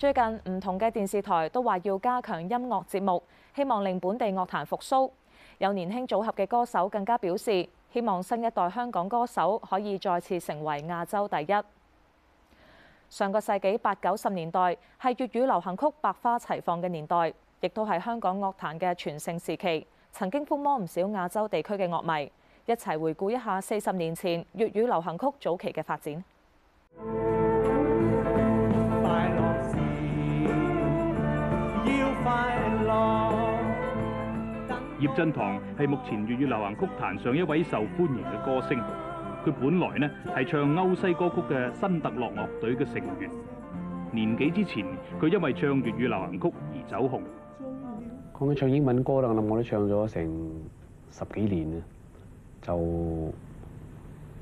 最近唔同嘅電視台都話要加強音樂節目，希望令本地樂壇復甦。有年輕組合嘅歌手更加表示，希望新一代香港歌手可以再次成為亞洲第一。上個世紀八九十年代係粵語流行曲百花齊放嘅年代，亦都係香港樂壇嘅全盛時期，曾經風靡唔少亞洲地區嘅樂迷。一齊回顧一下四十年前粵語流行曲早期嘅發展。葉振棠係目前粵語流行曲壇上一位受歡迎嘅歌星。佢本來呢係唱歐西歌曲嘅新特樂樂隊嘅成員。年紀之前，佢因為唱粵語流行曲而走紅。講起唱英文歌啦，我諗我都唱咗成十幾年啦，就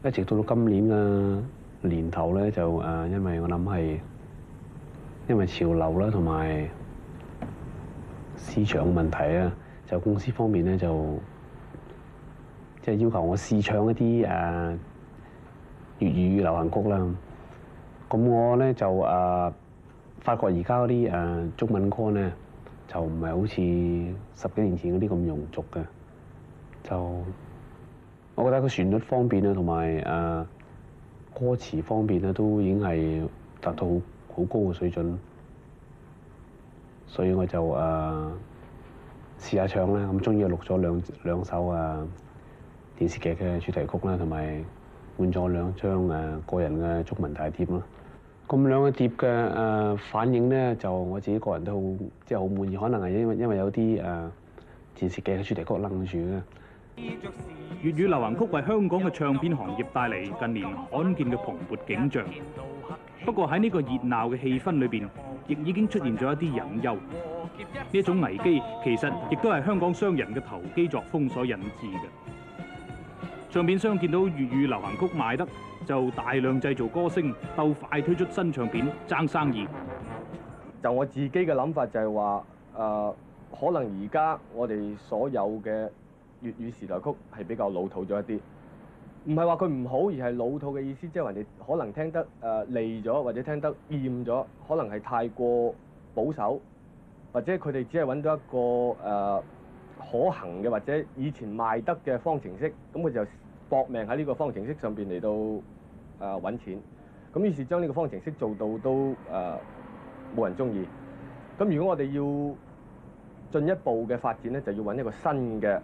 一直到到今年嘅年頭咧，就誒，因為我諗係因為潮流啦，同埋市場嘅問題啊。就公司方面咧，就即係要求我試唱一啲誒粵語流行曲啦。咁我咧就誒、啊、發覺而家嗰啲誒中文歌咧，就唔係好似十幾年前嗰啲咁庸俗嘅。就我覺得個旋律方面咧，同埋誒歌詞方面咧，都已經係達到好好高嘅水準。所以我就誒。啊試下唱啦。咁終於錄咗兩兩首啊電視劇嘅主題曲啦，同埋換咗兩張誒個人嘅中文大碟啦。咁兩個碟嘅誒反應咧，就我自己個人都好即係好滿意，可能係因為因為有啲誒電視劇嘅主題曲掹住。粵語流行曲為香港嘅唱片行業帶嚟近年罕見嘅蓬勃景象。不過喺呢個熱鬧嘅氣氛裏邊，亦已經出現咗一啲隱憂。呢一種危機其實亦都係香港商人嘅投機作風所引致嘅。唱片商見到粵語流行曲賣得，就大量製造歌星，鬥快推出新唱片，爭生意。就我自己嘅諗法就係話，誒、呃，可能而家我哋所有嘅。粵語時代曲係比較老土咗一啲，唔係話佢唔好，而係老土嘅意思，即係人哋可能聽得誒膩咗，呃、或者聽得厭咗，可能係太過保守，或者佢哋只係揾到一個誒、呃、可行嘅，或者以前賣得嘅方程式，咁佢就搏命喺呢個方程式上邊嚟到誒揾、呃、錢，咁於是將呢個方程式做到都誒冇、呃、人中意。咁如果我哋要進一步嘅發展咧，就要揾一個新嘅。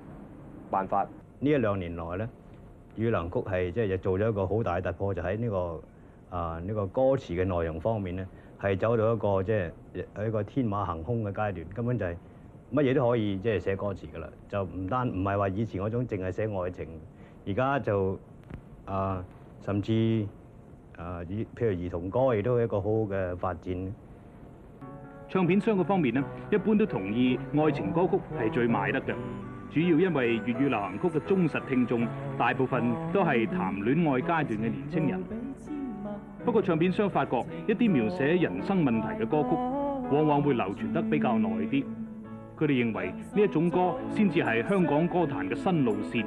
辦法，呢一兩年來呢，粵語曲係即係做咗一個好大嘅突破，就喺呢個啊呢個歌詞嘅內容方面呢，係走到一個即係喺一個天馬行空嘅階段，根本就係乜嘢都可以即係寫歌詞噶啦。就唔單唔係話以前嗰種淨係寫愛情，而家就啊甚至啊，依譬如兒童歌亦都係一個好好嘅發展。唱片商嘅方面呢，一般都同意愛情歌曲係最賣得嘅。主要因為粵語流行曲嘅忠實聽眾大部分都係談戀愛階段嘅年輕人。不過唱片商發覺，一啲描寫人生問題嘅歌曲，往往會流傳得比較耐啲。佢哋認為呢一種歌先至係香港歌壇嘅新路線。